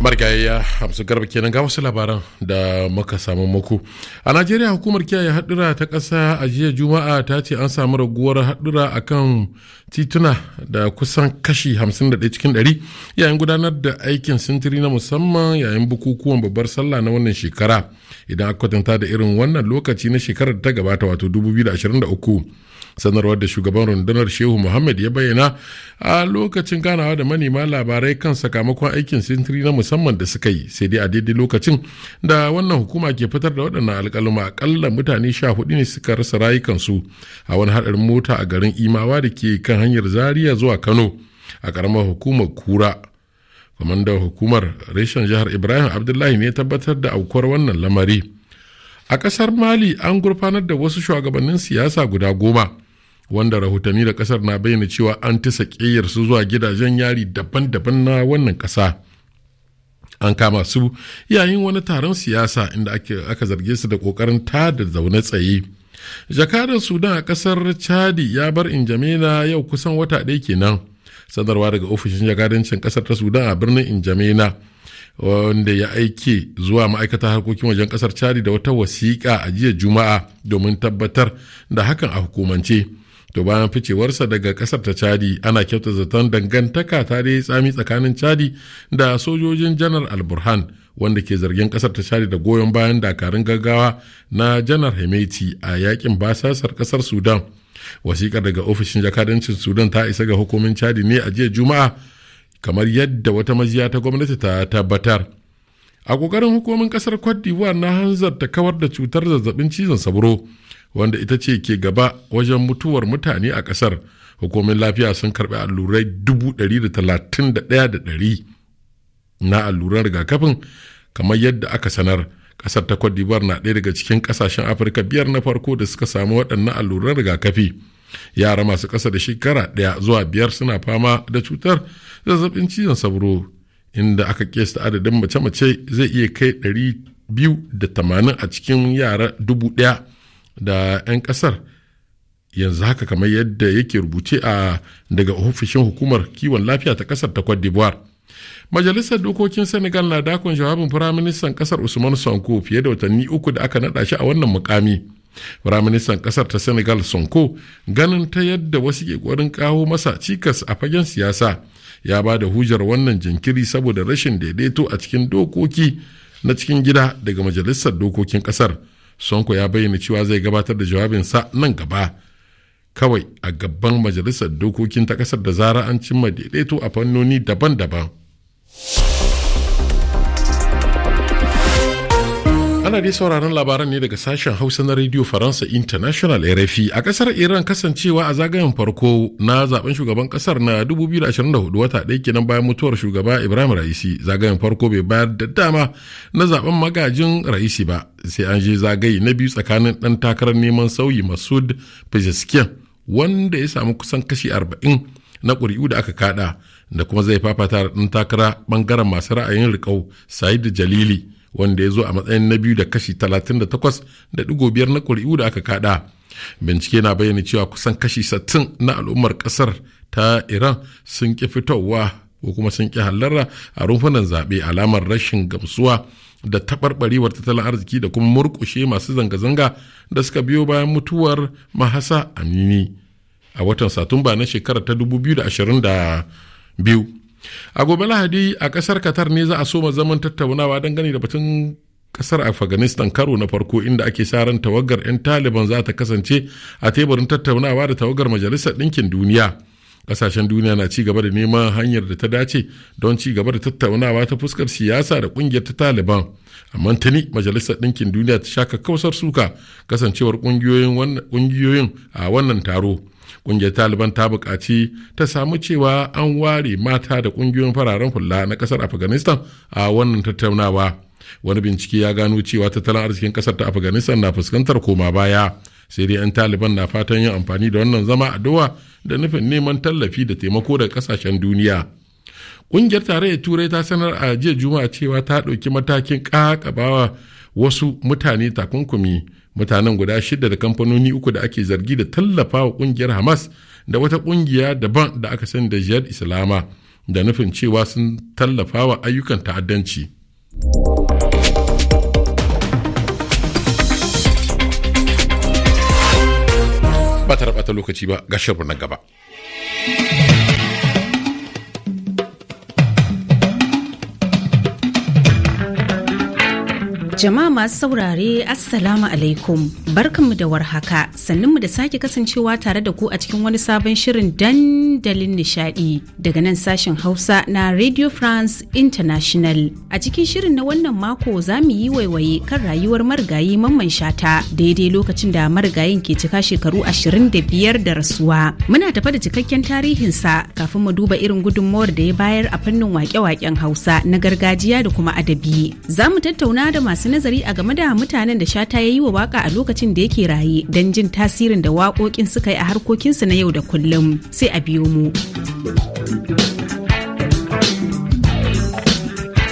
marigayayya hamsu garba kenan ga wasu labaran da muka samu mako a najeriya hukumar kiyaye haɗura ta ƙasa a jiya juma'a ta ce an samu raguwar haɗura a kan tituna da kusan kashi 51 cikin 100 yayin gudanar da aikin sintiri na musamman yayin bukukuwan babbar sallah na wannan shekara idan aka kwatanta da irin wannan lokaci na shekarar da ta gabata wato 2023 sanarwar da shugaban rundunar shehu muhammad ya bayyana a lokacin ganawa da manema labarai kan sakamakon aikin sintiri na musamman da suka yi sai dai a daidai lokacin da wannan hukuma ke fitar da waɗannan alƙaluma akalla mutane sha hudu ne suka rasa rayukansu a wani haɗarin mota a garin imawa da ke kan hanyar zaria zuwa kano a ƙaramar hukumar kura kwamandan hukumar reshen jihar ibrahim abdullahi ne tabbatar da aukuwar wannan lamari a ƙasar mali an gurfanar da wasu shugabannin siyasa guda goma wanda rahotanni da kasar na bayyana cewa an ta su zuwa gidajen yari daban-daban na wannan kasa an kama su yayin wani taron siyasa inda aka zarge su da kokarin da zaune tsaye jakadar sudan a kasar chadi ya bar injamena yau kusan wata ɗaya kenan sanarwa daga ofishin jakadancin kasar ta sudan a birnin injamena wanda ya aike zuwa ma'aikatar harkokin wajen kasar chadi da wata wasiƙa a jiya juma'a domin tabbatar da hakan a hukumance to bayan ficewarsa daga kasar ta chadi ana kyauta zaton dangantaka ta dai tsami tsakanin chadi da sojojin janar alburhan wanda ke zargin kasar ta chadi da goyon bayan dakarun gaggawa na janar hemeti a yakin basasar kasar sudan wasikar daga ofishin jakadancin sudan ta isa ga hukumin chadi ne a jiya juma'a kamar yadda wata majiya ta gwamnati ta tabbatar a kokarin hukumin kasar cote d'ivoire na hanzarta kawar da cutar zazzabin cizon sabro wanda ita ce ke gaba wajen mutuwar mutane a kasar hukumin lafiya sun karɓi allurai 131,100 na alluran rigakafin kamar yadda aka sanar kasar ta cote na ɗaya daga cikin kasashen afirka biyar na farko da suka samu waɗannan alluran rigakafi yara masu ƙasa da shekara ɗaya zuwa biyar suna fama da cutar zazzabin cizon sauro inda aka kesta adadin mace-mace zai iya kai biyu da tamanin a cikin yara dubu ɗaya da 'yan kasar yanzu haka kamar yadda yake rubuce a daga ofishin hukumar kiwon lafiya ta kasar ta Cote d'Ivoire. Majalisar Dokokin Senegal na dakon jawabin Firaministan kasar Usman Sonko fiye da watanni uku da aka naɗa shi a wannan mukami. Firaministan kasar ta Senegal Sonko ganin ta yadda wasu ke kwarin kawo masa cikas a fagen siyasa ya ba da hujjar wannan jinkiri saboda rashin daidaito a cikin dokoki na cikin gida daga Majalisar Dokokin kasar. sonko ya bayyana cewa zai gabatar da jawabinsa nan gaba kawai a gaban majalisar dokokin ta kasar da zara an cimma daidaito a fannoni daban-daban Ana dai sauraron labaran ne daga sashen Hausa na Radio Faransa International RFI a kasar Iran kasancewa a zagayen farko na zaben shugaban kasar na 2024 wata ɗaya kenan bayan mutuwar shugaba Ibrahim Raisi zagayen farko bai bayar da dama na zaben magajin Raisi ba sai an je zagaye na biyu tsakanin ɗan takarar neman sauyi Masud Pezeshkian wanda ya samu kusan kashi 40 na ƙuri'u da aka kada da kuma zai fafata ɗan takara ɓangaren masu ra'ayin riƙau Said Jalili. wanda ya zo a matsayin na biyu da kashi da biyar na kuri'u da aka kada bincike na bayyana cewa kusan kashi 60 na al'ummar ƙasar ta iran sun ki fitowa ko kuma sun ki hallara a rumfunan zaɓe alamar rashin gamsuwa da taɓarɓarewar tattalin arziki da kuma murkushe masu zanga-zanga da suka biyo bayan mutuwar mahasa amini a watan satumba na shekarar ta 2022 a gobe lahadi a kasar qatar ne za a soma zaman tattaunawa don dangane da batun kasar afghanistan karo na farko inda ake sa ran tawagar 'yan taliban za ta kasance a teburin tattaunawa da tawagar majalisar ɗinkin duniya ƙasashen duniya na ci gaba da neman hanyar da ta dace don ci gaba da tattaunawa ta fuskar siyasa da kungiyar ta taliban amma tuni majalisar ɗinkin duniya ta shaka kausar suka kasancewar ƙungiyoyin a wannan taro ƙungiyar taliban ta buƙaci ta samu cewa an ware mata da ƙungiyoyin fararen hula na ƙasar afghanistan a wannan tattaunawa wani bincike ya gano cewa tattalin arzikin ƙasar ta afghanistan na fuskantar koma baya sai dai 'yan taliban na fatan yin amfani da wannan zama a doha da nufin neman tallafi da taimako daga ƙasashen duniya ƙungiyar tarayyar turai ta sanar a jiya juma'a cewa ta ɗauki matakin ƙaƙabawa wasu mutane takunkumi mutanen guda shida da kamfanoni uku da ake zargi da tallafa wa kungiyar hamas da wata kungiya daban da aka sani da jihar islama da nufin cewa sun tallafa wa ayyukan ta'addanci ba ta lokaci ba ga na gaba. Jama'a masu saurare Assalamu alaikum barkanmu da warhaka sannunmu da sake kasancewa tare da ku a cikin wani sabon shirin dandalin nishadi daga nan sashen Hausa na Radio France International. A cikin shirin na wannan mako za mu yi waiwaye kan rayuwar marigayi mamman shata daidai lokacin da marigayin ke cika shekaru ashirin da biyar da rasuwa. Muna tafa da cikakken tarihin sa kafin mu duba irin gudunmawar da ya bayar a fannin wake-waken Hausa na gargajiya da kuma adabi. Za mu tattauna da masu masu nazari a game da mutanen da shata ya yi wa waka a lokacin da yake raye don jin tasirin da waƙoƙin suka yi a harkokinsu na yau da kullum sai a biyo mu.